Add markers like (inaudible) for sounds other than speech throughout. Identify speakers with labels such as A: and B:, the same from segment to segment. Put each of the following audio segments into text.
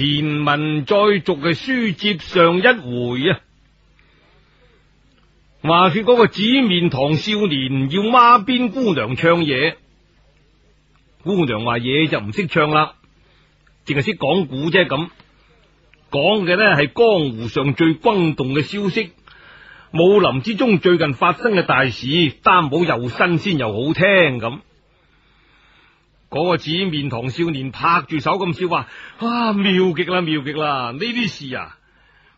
A: 前文再續嘅，書接上一回啊，話說個紙面堂少年要孖邊姑娘唱嘢，姑娘話嘢就唔識唱啦，淨係識講古啫咁，講嘅咧係江湖上最轟動嘅消息，武林之中最近發生嘅大事，擔保又新鮮又好聽咁。嗰個紫面堂少年拍住手咁笑話：啊，妙極啦，妙極啦！呢啲事啊，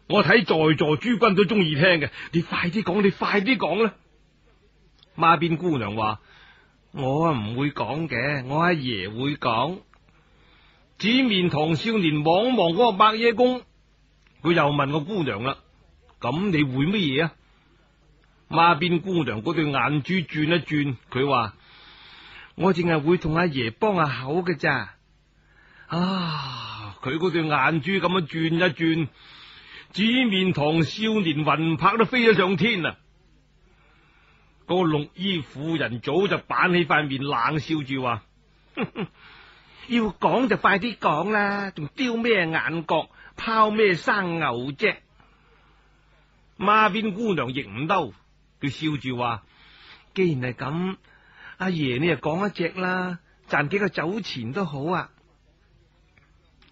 A: 我睇在座諸君都中意聽嘅。你快啲講，你快啲講啦！孖邊姑娘話：我唔會講嘅，我阿爺會講。紫面堂少年望望嗰個白爺公，佢又問個姑娘啦：咁你會乜嘢啊？孖邊姑娘嗰對眼珠轉一轉，佢話。我淨係會同阿爺幫下口嘅咋、啊？佢嗰對眼珠咁樣轉一轉，紙面堂少年魂魄都飛咗上天啦、啊！嗰、那個綠衣婦人早就板起塊面，冷笑住話：要講就快啲講啦，仲丟咩眼角，拋咩生牛啫！馬鞭姑娘亦唔嬲，佢笑住話：既然係咁。阿爺，你又講一隻啦，賺幾個酒錢都好啊！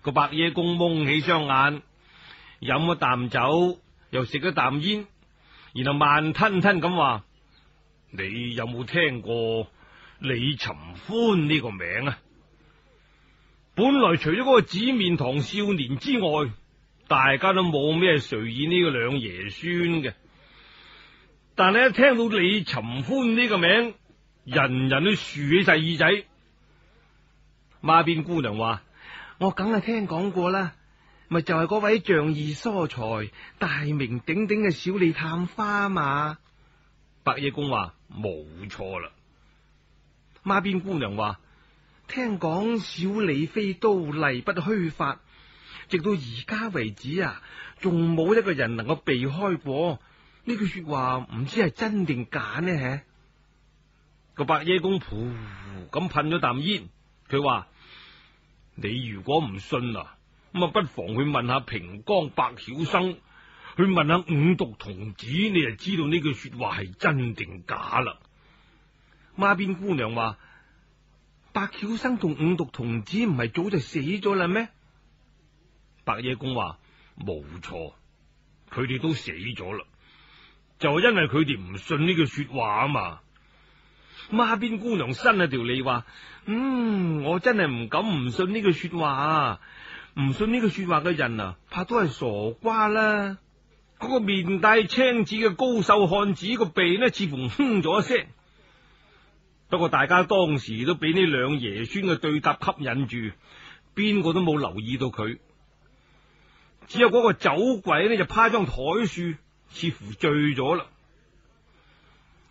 A: 個白爺公蒙起雙眼，飲咗啖酒，又食咗啖煙，然後慢吞吞咁話：你有冇聽過李尋歡呢個名啊？本來除咗嗰個紫面堂少年之外，大家都冇咩垂意呢個兩爺孫嘅，但係一聽到李尋歡呢個名。人人都豎起晒耳仔，孖邊姑娘話：我梗係聽講過啦，咪就係嗰位仗義疏財、大名鼎鼎嘅小李探花嘛。白夜公話：冇錯啦。孖邊姑娘話：聽講小李飛刀例不虛發，直到而家為止啊，仲冇一個人能夠避開過。呢句說話唔知係真定假呢？個白爺公噗咁噴咗啖煙，佢話：你如果唔信啊，咁不妨去問，問，ua, 去問，問，問下平江白曉生，去問下五毒童子，你就知道呢句說話係真定假啦。孖邊姑娘話：白曉生同五毒童子唔係早就死咗啦咩？白爺公話：冇錯，佢哋都死咗啦，就係因為佢哋唔信呢句說話啊嘛。孖邊姑娘伸咗條脷話，嗯，我真係唔敢唔信呢句說話。唔信呢句說話嘅人啊，怕都係傻瓜啦。嗰個面帶青紫嘅高瘦漢子個鼻呢，似乎哼咗聲。不過大家當時都俾呢兩爺孫嘅對答吸引住，邊個都冇留意到佢。只有嗰個酒鬼呢，就趴張台樹，似乎醉咗啦。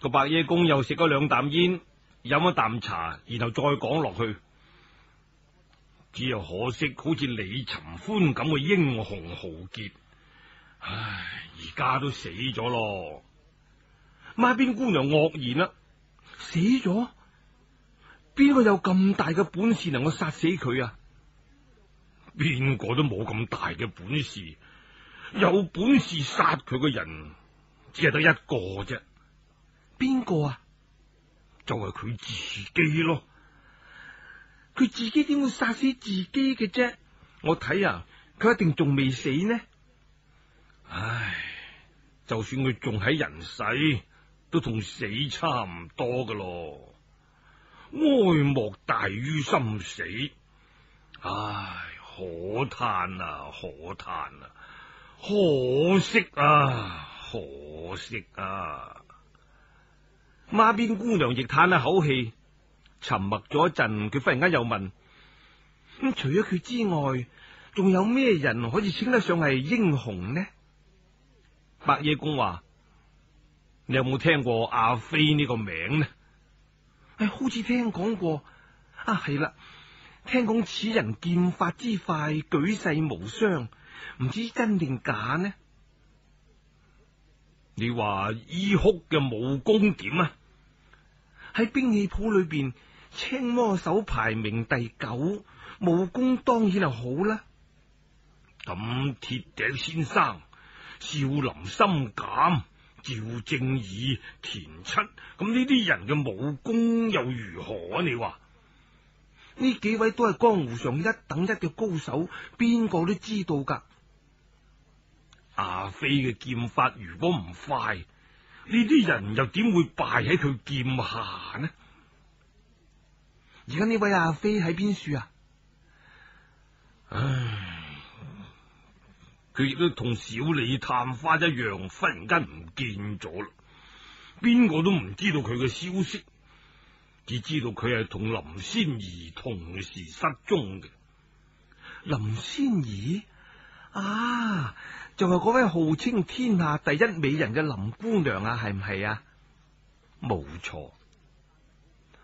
A: 個白衣公又食咗兩啖煙，飲咗啖茶，然後再講落去。只有可惜，好似李尋歡咁嘅英雄豪傑，唉，而家都死咗咯。馬邊姑娘愕然啦。啊，死咗？邊個有咁大嘅本事能夠殺死佢啊？邊個都冇咁大嘅本事，有本事殺佢嘅人只係得一個啫。個啊，就係佢自己咯。佢自己點會殺死自己嘅啫？我睇啊，佢一定仲未死呢。唉，就算佢仲喺人世，都同死差唔多噶咯。哀莫大於心死。唉，可嘆啊，可嘆啊，可惜啊，可惜啊！孖鞭姑娘亦嘆一口氣，沉默咗一陣，佢忽然間又問：咁、嗯、除咗佢之外，仲有咩人可以稱得上係英雄呢？白夜公話：你有冇聽過阿飛呢個名呢？哎，好似聽講過啊，係啦，聽講此人劍法之快，舉世無雙，唔知真定假呢？你話衣哭嘅武功點啊？喺兵器譜裏邊，青魔手排名第九，武功當然係好啦、啊。咁鐵鼎先生、少林心鑒、趙正義、田七，咁呢啲人嘅武功又如何啊？你話呢幾位都係江湖上一等一嘅高手，邊個都知道噶。阿飛嘅劍法如果唔快，呢啲人又點會敗喺佢劍下呢？而家呢位阿飛喺邊處啊？唉，佢亦都同小李探花一樣，忽然間唔見咗啦，邊個都唔知道佢嘅消息，只知道佢係同林仙兒同時失蹤嘅。林仙兒啊！就係嗰位號稱天下第一美人嘅林姑娘啊，係唔係啊？冇錯，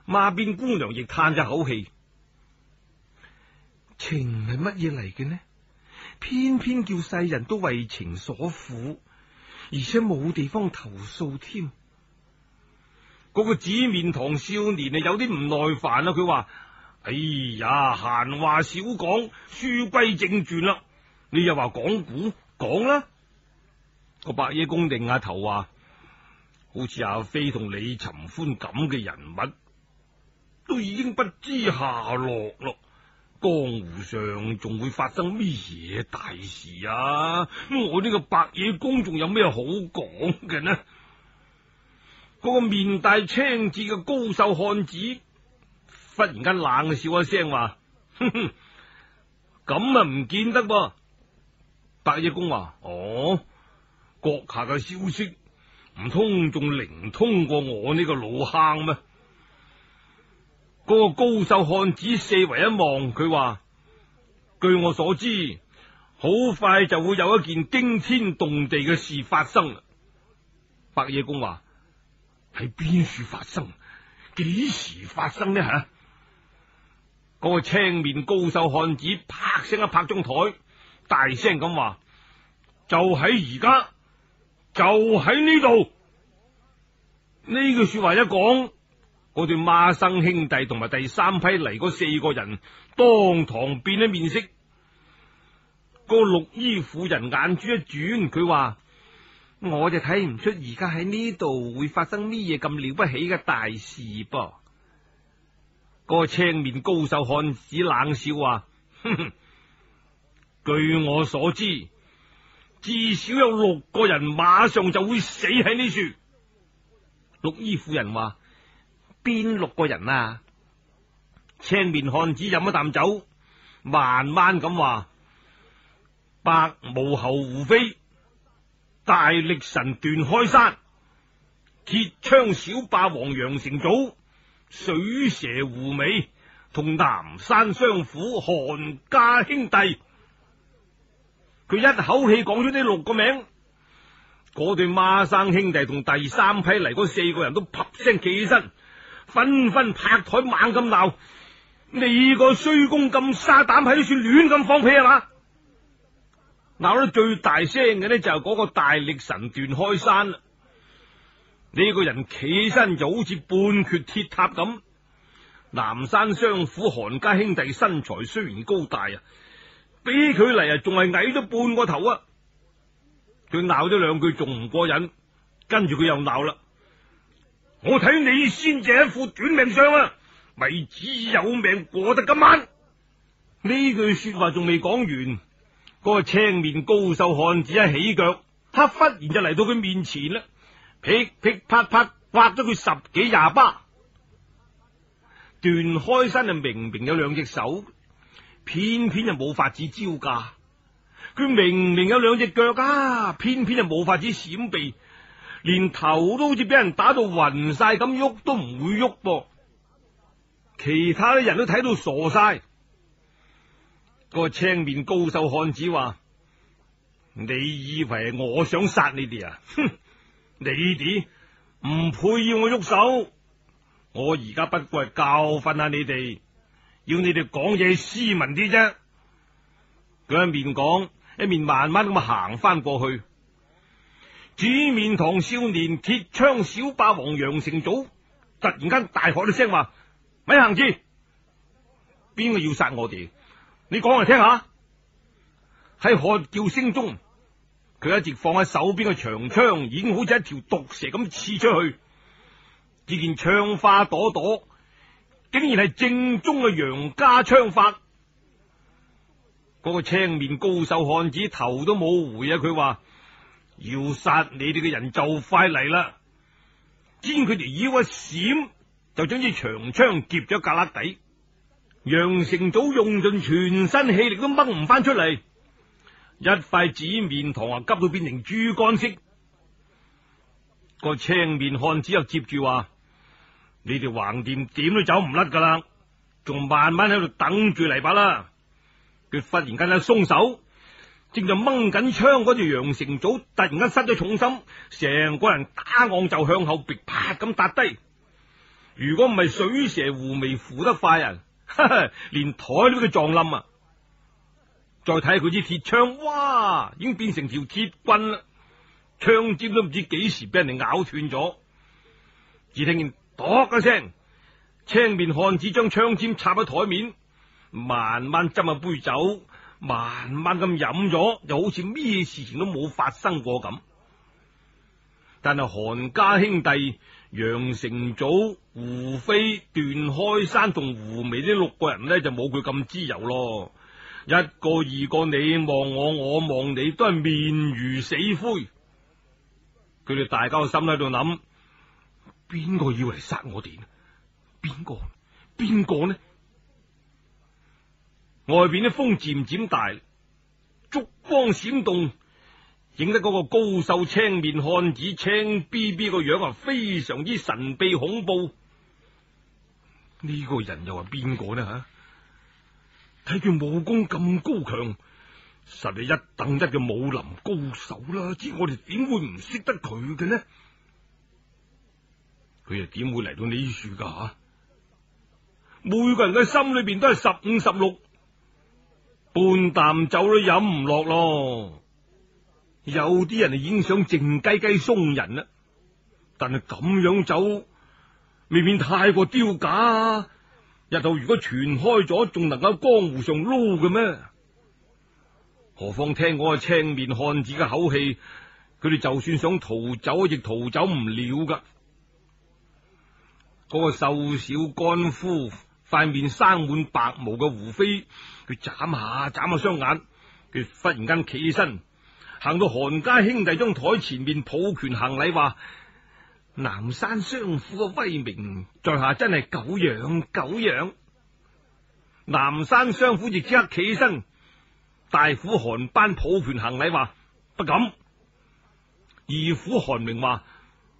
A: 馬鞭姑娘亦嘆咗口氣。情係乜嘢嚟嘅呢？偏偏叫世人都為情所苦，而且冇地方投訴添。嗰個紫面堂少年啊，有啲唔耐煩啦。佢話：哎呀，閒話少講，書歸正傳啦。你又話講古。講啦，個伯爺公擰下頭話，好似阿飛同李尋歡咁嘅人物，都已經不知下落咯。江湖上仲會發生咩嘢大事啊？我呢個伯爺公仲有咩好講嘅呢？嗰、那個面帶青痣嘅高瘦漢子忽然間冷笑一聲話：哼哼，咁啊唔見得噃。白夜公話：哦，閣下嘅消息唔通仲靈通過我呢個老坑咩？嗰個高瘦漢子四圍一望，佢話：據我所知，好快就會有一件驚天動地嘅事發生啦。白夜公話：喺邊處發生？幾時發生呢？吓！嗰個青面高瘦漢子啪聲一拍張台。大聲咁話，就喺而家，就喺呢度。呢句說話一講，我對孖生兄弟同埋第三批嚟嗰四個人當堂變咗面色。個綠衣婦人眼珠一轉，佢話：我就睇唔出而家喺呢度會發生咩嘢咁了不起嘅大事噃。個青面高手漢子冷笑話：哼哼。據我所知，至少有六個人馬上就會死喺呢處。綠衣婦人話：邊六個人啊？青面漢子飲一啖酒，慢慢咁話：白毛猴胡飛、大力神段開山、鐵槍小霸王楊成祖、水蛇胡尾同南山相府韓家兄弟。佢一口氣講咗呢六個名，嗰對孖生兄弟同第三批嚟嗰四個人都啪聲企起身，紛紛拍台猛咁鬧。你個衰公咁沙膽，喺度亂咁放屁啊嘛！鬧得最大聲嘅呢，就係嗰個大力神段開山啦。呢、這個人企起身就好似半橛鐵塔咁。南山雙虎韓家兄弟身材雖然高大啊。俾佢嚟啊，仲係矮咗半個頭啊！佢鬧咗兩句仲唔過癮，跟住佢又鬧啦！我睇你先係一副短命相啊！咪只有命過得今晚，呢句說話仲未講完，個青面高手漢子一起腳，他忽然就嚟到佢面前啦，劈劈啪啪刮咗佢十幾廿巴，段開山就明明有兩隻手。偏偏就冇法子招架，佢明明有兩隻腳啊，偏偏就冇法子閃避，連頭都好似俾人打到暈晒咁，喐都唔會喐噃。其他啲人都睇到傻晒。個青面高手漢子話：你以為我想殺你哋啊？哼，你哋唔配要我喐手，我而家不過係教訓下你哋。要你哋講嘢斯文啲啫。佢一面講，一面慢慢咁行翻過去。紫面堂少年鐵槍小霸王楊成祖突然間大喝一聲話：咪行住！邊個要殺我哋？你講嚟聽下。喺喝叫聲中，佢一直放喺手邊嘅長槍已經好似一條毒蛇咁刺出去。只見槍花朵朵。竟然係正宗嘅楊家槍法，嗰個青面高手漢子頭都冇回啊！佢話要殺你哋嘅人就快嚟啦！只見佢哋腰一閃，就將支長槍夾咗架旯底。楊成祖用盡全身氣力都掹唔翻出嚟，一塊紫面堂啊急到變成豬肝色。嗰個青面漢子又接住話。你哋橫掂點都走唔甩噶啦，仲慢慢喺度等住嚟把啦。佢忽然間一鬆手，正就掹緊槍嗰隻楊成祖，突然間失咗重心，成個人打昂就向後劈啪咁笪低。如果唔係水蛇護眉扶得快啊，連台都俾佢撞冧啊！再睇佢支鐵槍，哇，已經變成條鐵棍啦，槍尖都唔知幾時俾人哋咬斷咗，只聽見。咚一聲，青面漢子將槍尖插喺台面，慢慢斟下杯酒，慢慢咁飲咗，就好似咩事情都冇發生過咁。但係韓家兄弟楊成祖、胡飛、段開山同胡眉呢六個人呢，就冇佢咁自由咯。一個二個，你望我，我望你，都係面如死灰。佢哋大家心喺度諗。邊個要嚟殺我哋呢？邊個？邊個呢？外邊啲風漸漸大，燭光閃動，影得個高瘦青面漢子青 b b 個樣啊，非常之神秘恐怖。呢個人又係邊個呢？吓，睇佢武功咁高強，實係一等一嘅武林高手啦。知我哋點會唔識得佢嘅呢？佢又點會嚟到呢處噶？每個人嘅心裏邊都係十五十六，半啖酒都飲唔落咯。有啲人已經想靜雞雞鬆人啦，但係咁樣走，未免太過丟假啊。日頭如果傳開咗，仲能夠江湖上撈嘅咩？何況聽我青面漢子嘅口氣，佢哋就算想逃走，亦逃走唔了噶。嗰個瘦小乾枯、塊面生滿白毛嘅胡飛，佢眨下眨下雙眼，佢忽然間起身行到韓家兄弟張台前面，抱拳行禮，話，南山雙虎嘅威名，在下真係久仰久仰。久仰」南山雙虎亦即刻起身，大虎韓班抱拳行禮話不敢，二虎韓明話，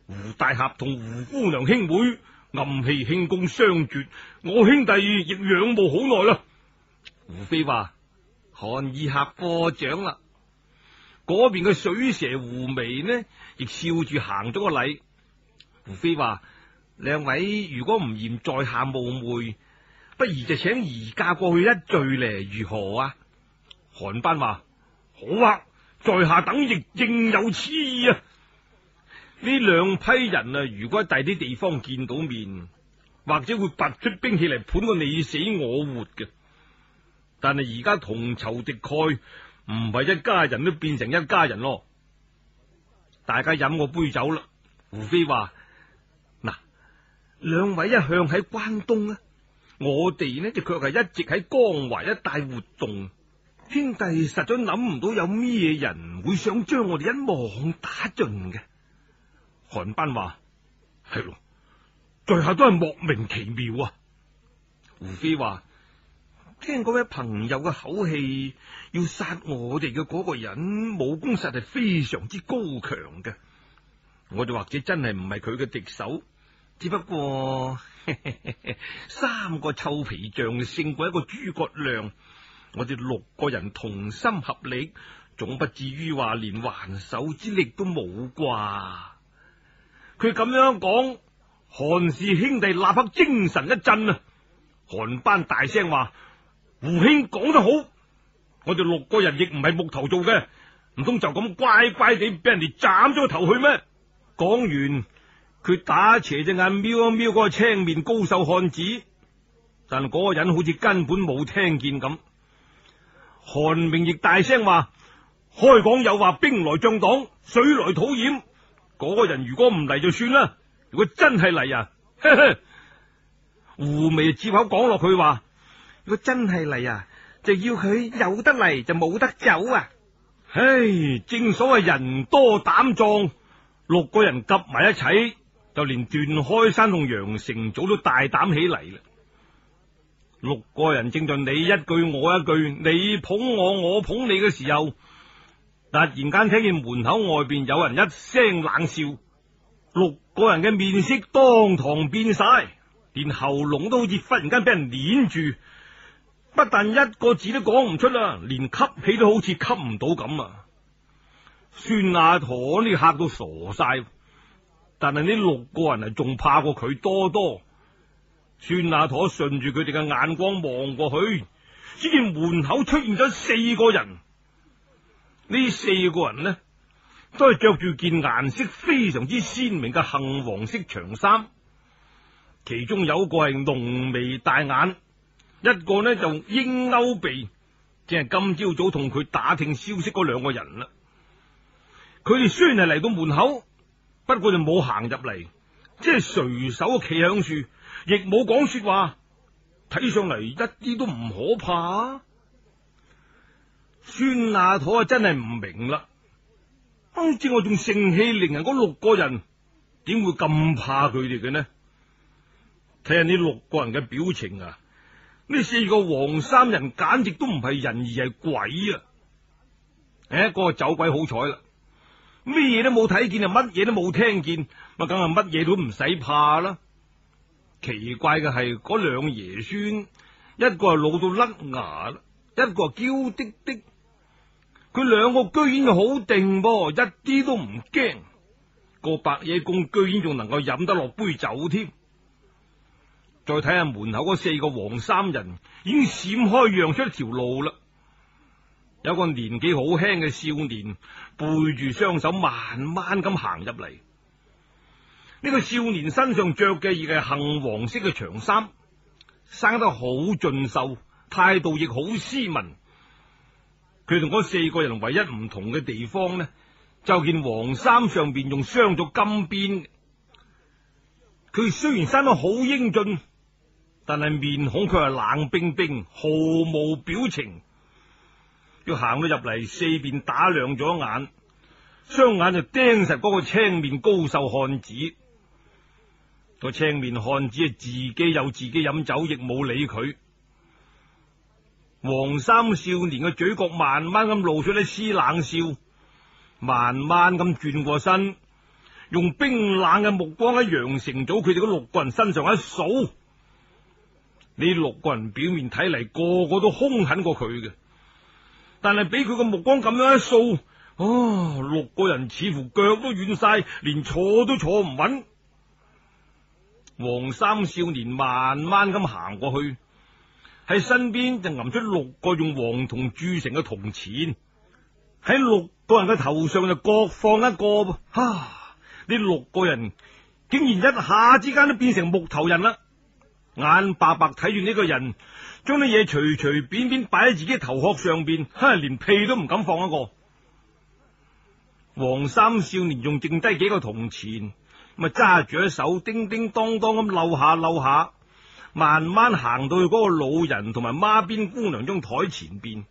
A: 胡大俠同胡姑娘兄妹，暗器輕功雙絕，我兄弟亦仰慕好耐啦。胡飛話：韓意俠過獎啦。嗰邊嘅水蛇胡眉呢，亦笑住行咗個禮。胡飛話：兩位如果唔嫌在下冒昧，不如就請移駕過去一聚嚟，如何啊？韓班話：好，啊，在下等亦應有此意啊。呢兩批人啊，如果喺第啲地方見到面，或者會拔出兵器嚟，判個你死我活嘅。但係而家同仇敵愾，唔係一家人都變成一家人咯。大家飲個杯酒啦。胡飛話：嗱，兩位一向喺關東啊，我哋呢就卻係一直喺江淮一帶活動。兄弟，實在諗唔到有咩人會想將我哋一網打盡嘅。韓班話：係咯，在下都係莫名其妙。啊。胡飛話：聽嗰位朋友嘅口氣，要殺我哋嘅嗰個人，武功實係非常之高強嘅。我哋或者真係唔係佢嘅敵手，只不過 (laughs) 三個臭皮匠勝過一個諸葛亮。我哋六個人同心合力，總不至於話連還手之力都冇啩。佢咁樣講，韓氏兄弟立刻精神一振啊！韓班大聲話：胡兄講得好，我哋六個人亦唔係木頭做嘅，唔通就咁乖乖地俾人哋斬咗個頭去咩？講完，佢打斜隻眼瞄一瞄嗰個青面高瘦漢子，但嗰個人好似根本冇聽見咁。韓明亦大聲話：開講又話兵來將擋，水來土掩。嗰個人如果唔嚟就算啦，如果真係嚟啊， (laughs) 胡眉接口講落去話，如果真係嚟啊，就要佢有得嚟就冇得走啊！唉，正所謂人多膽壯，六個人夾埋一齊，就連段開山同楊成祖都大膽起嚟啦。六個人正在你一句我一句，你捧我我捧你嘅時候。突然間聽見門口外邊有人一聲冷笑，六個人嘅面色當堂變晒，連喉嚨都好似忽然間俾人捏住，不但一個字都講唔出啦，連吸氣都好似吸唔到咁啊！孫阿陀呢嚇到傻晒，但係呢六個人係仲怕過佢多多。孫阿陀順住佢哋嘅眼光望過去，只見門口出現咗四個人。呢四個人呢，都係着住件顏色非常之鮮明嘅杏黃色長衫，其中有個係濃眉大眼，一個呢就鷹鈎鼻，即係今朝早同佢打聽消息嗰兩個人啦。佢哋雖然係嚟到門口，不過就冇行入嚟，即係隨手企響處，亦冇講說話，睇上嚟一啲都唔可怕。孫阿土啊，真係唔明啦！唔、嗯、知我仲盛氣凌人嗰六個人，點會咁怕佢哋嘅呢？睇下呢六個人嘅表情啊，呢四個黃衫人簡直都唔係人而，而係鬼啊！誒，嗰個走鬼好彩啦，咩嘢都冇睇見，乜嘢都冇聽見，梗係，乜嘢都唔使怕啦。奇怪嘅係，嗰兩爺孫，一個係老到甩牙啦，一個係嬌滴滴。佢兩個居然好定噃，一啲都唔驚。個白夜公居然仲能夠飲得落杯酒添。再睇下門口嗰四個黃衫人，已經閃開讓出一條路啦。有個年紀好輕嘅少年背住雙手，慢慢咁行入嚟。呢、這個少年身上着嘅亦係杏黃色嘅長衫，生得好俊秀，態度亦好斯文。佢同嗰四個人唯一唔同嘅地方呢，就見黃衫上邊仲鑲咗金邊。佢雖然生得好英俊，但係面孔佢係冷冰冰，毫無表情。佢行咗入嚟，四邊打量咗眼，雙眼就盯實嗰個青面高瘦漢子。個青面漢子啊，自己有自己飲酒，亦冇理佢。黃三少年嘅嘴角慢慢咁露出一絲冷笑，慢慢咁轉過身，用冰冷嘅目光喺楊成祖佢哋嗰六個人身上一掃。呢六個人表面睇嚟個個都兇狠過佢嘅，但係俾佢個目光咁樣一掃，哦，六個人似乎腳都軟晒，連坐都坐唔穩。黃三少年慢慢咁行過去。喺身邊就揞出六個用黃銅鑄成嘅銅錢，喺六個人嘅頭上就各放一個噃。哈、啊！呢六個人竟然一下之間都變成木頭人啦，眼白白睇住呢個人將啲嘢隨隨便便擺喺自己頭殼上邊，哈、啊！連屁都唔敢放一個。黃三少年仲剩低幾個銅錢，咁啊揸住一手叮叮噹噹咁漏下漏下。慢慢行到去個老人同埋孖邊姑娘張台前邊，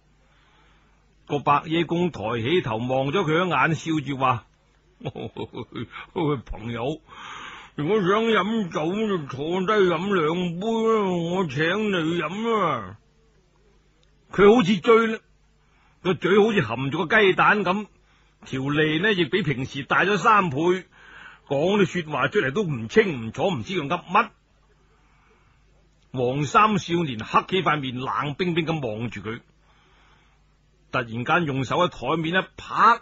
A: 個白衣公抬起頭望咗佢一眼，笑住話：oh, hey, hey, 朋友，如果想飲酒就坐低飲兩杯，啊，我請你飲。啊，佢好似醉啦，個嘴好似含住個雞蛋咁，條脷呢亦比平時大咗三倍，講啲說話出嚟，都唔清唔楚，唔知佢噏乜。黃三少年黑起塊面，冷冰冰咁望住佢。突然間用手喺台面一拍，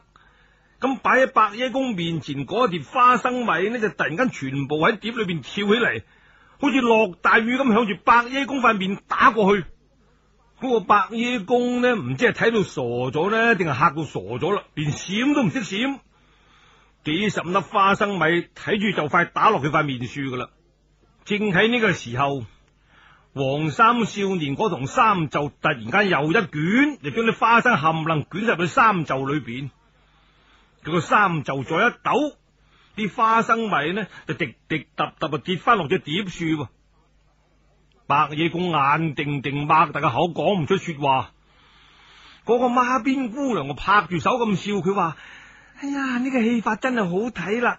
A: 咁擺喺白爺公面前嗰碟花生米呢，就突然間全部喺碟裏邊跳起嚟，好似落大雨咁向住白爺公塊面打過去。嗰個白爺公呢，唔知係睇到傻咗呢，定係吓到傻咗啦，連閃都唔識閃。幾十粒花生米睇住就快打落佢塊面樹噶啦。正喺呢個時候。黃衫少年嗰同衫袖突然間又一卷，就將啲花生冚唪唥捲入去衫袖裏邊。佢個衫袖再一抖，啲花生米呢就滴滴嗒嗒啊跌翻落隻碟樹。白野公眼定定擘大個口，講唔出說話。嗰、那個馬鞭姑娘就拍住手咁笑，佢話：哎呀，呢、這個戲法真係好睇啦！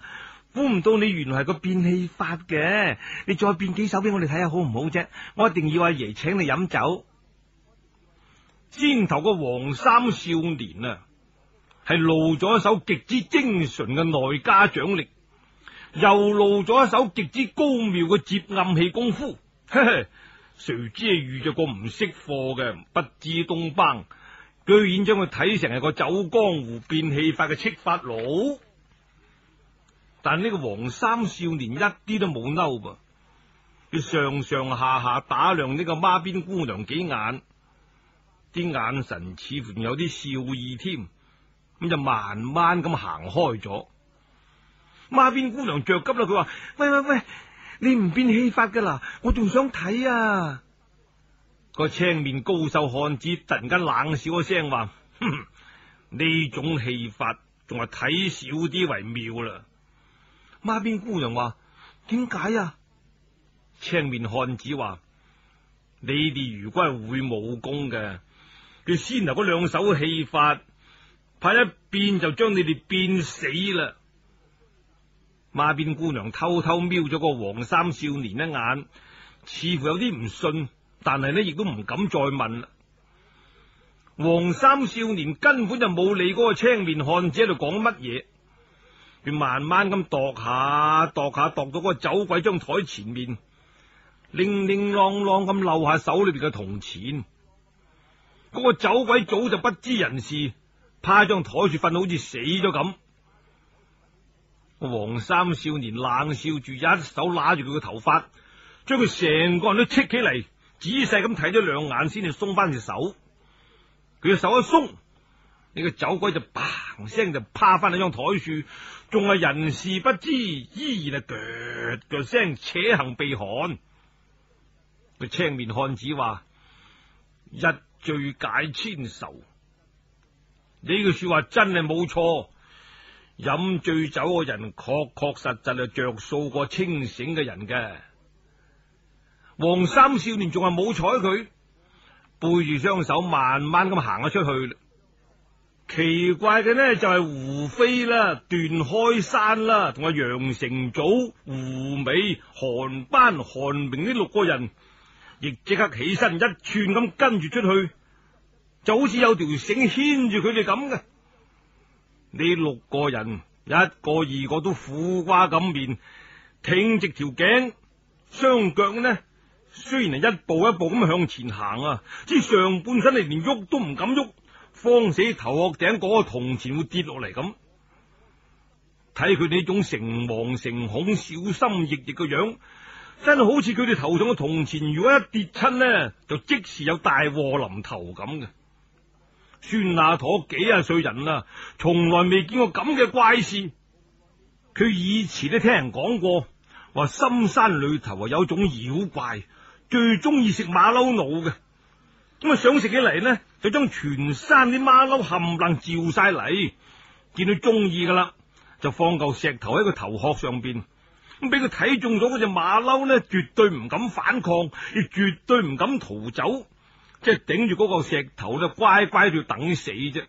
A: 估唔到你原來係個變戲法嘅，你再變幾手俾我哋睇下好唔好啫？我一定要阿、啊、爺請你飲酒。先頭個黃衫少年啊，係露咗一手極之精純嘅內家掌力，又露咗一手極之高妙嘅接暗器功夫。嘿嘿，誰知遇着個唔識貨嘅不知東邦，居然將佢睇成係個走江湖變戲法嘅戲法佬。但呢個黃衫少年一啲都冇嬲噃，佢上上下下打量呢個孖邊姑娘幾眼，啲眼神似乎有啲笑意添，咁就慢慢咁行開咗。孖邊姑娘着急啦，佢話：喂喂喂，你唔變戲法噶啦，我仲想睇啊！個青面高手漢子突然間冷笑一聲，話：呢種戲法仲係睇少啲為妙啦。孖鞭姑娘話：點解啊？青面漢子話：你哋如果係會武功嘅，佢先頭嗰兩手氣法，派一變就將你哋變死啦！孖鞭姑娘偷偷瞄咗個黃衫少年一眼，似乎有啲唔信，但係呢亦都唔敢再問啦。黃衫少年根本就冇理嗰個青面漢子喺度講乜嘢。佢慢慢咁度下度下度到嗰個酒鬼張台前面，零零浪浪咁漏下手裏邊嘅銅錢。嗰、嗰個酒鬼早就不知人事，趴張台住瞓，好似死咗咁。黃三少年冷笑住，一手拉住佢嘅頭髮，將佢成個人都戚起嚟，仔細咁睇咗兩眼，先至鬆翻隻手。佢隻手一鬆。呢個酒鬼就嘭聲就趴翻喺張台處，仲係人事不知，依然啊跺跺聲扯行鼻鼾。個青面漢子話：一醉解千愁。呢句說話真係冇錯，飲醉酒嘅人確確實實係着數過清醒嘅人嘅。黃三少年仲係冇睬佢，背住雙手慢慢咁行咗出去。奇怪嘅呢，就係胡飛啦、段開山啦，同阿楊成祖、胡美、韓班、韓明呢六個人，亦即刻起身一串咁跟住出去，就好似有條繩牽住佢哋咁嘅。呢六個人一個二個都苦瓜咁面，挺直條頸，雙腳呢雖然係一步一步咁向前行啊，之上半身係連喐都唔敢喐，.慌死頭殼頂嗰個銅錢會跌落嚟咁，睇佢呢種誠惶誠恐、小心翼翼嘅樣，真係好似佢哋頭上嘅銅錢，如果一跌親呢，就即時有大禍臨頭咁嘅。孫阿婆幾廿歲人啦，從來未見過咁嘅怪事。佢以前都聽人講過，話深山裏頭有種妖怪，最中意食馬騮腦嘅。咁啊！想食起嚟呢，就將全山啲馬騮冚唪唥照晒嚟，見到中意噶啦，就放嚿石頭喺個頭殼上邊，咁俾佢睇中咗嗰隻馬騮呢，絕對唔敢反抗，亦絕對唔敢逃走，即係頂住嗰嚿石頭就乖乖哋等死啫。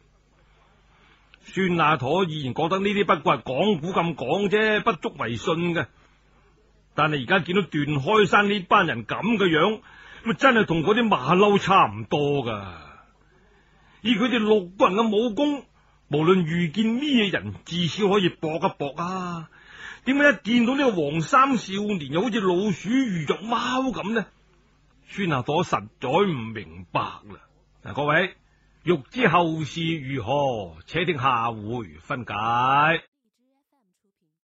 A: 孫阿妥依然覺得呢啲不過係講古咁講啫，不足為信嘅，但係而家見到段開山呢班人咁嘅樣，樣。真係同嗰啲馬騮差唔多噶，以佢哋六個人嘅武功，無論遇見咩人，至少可以搏一搏啊！點解一見到呢個黃衫少年，又好似老鼠遇着貓咁呢？孫阿朵實在唔明白啦！嗱，各位欲知後事如何，且聽下回分解。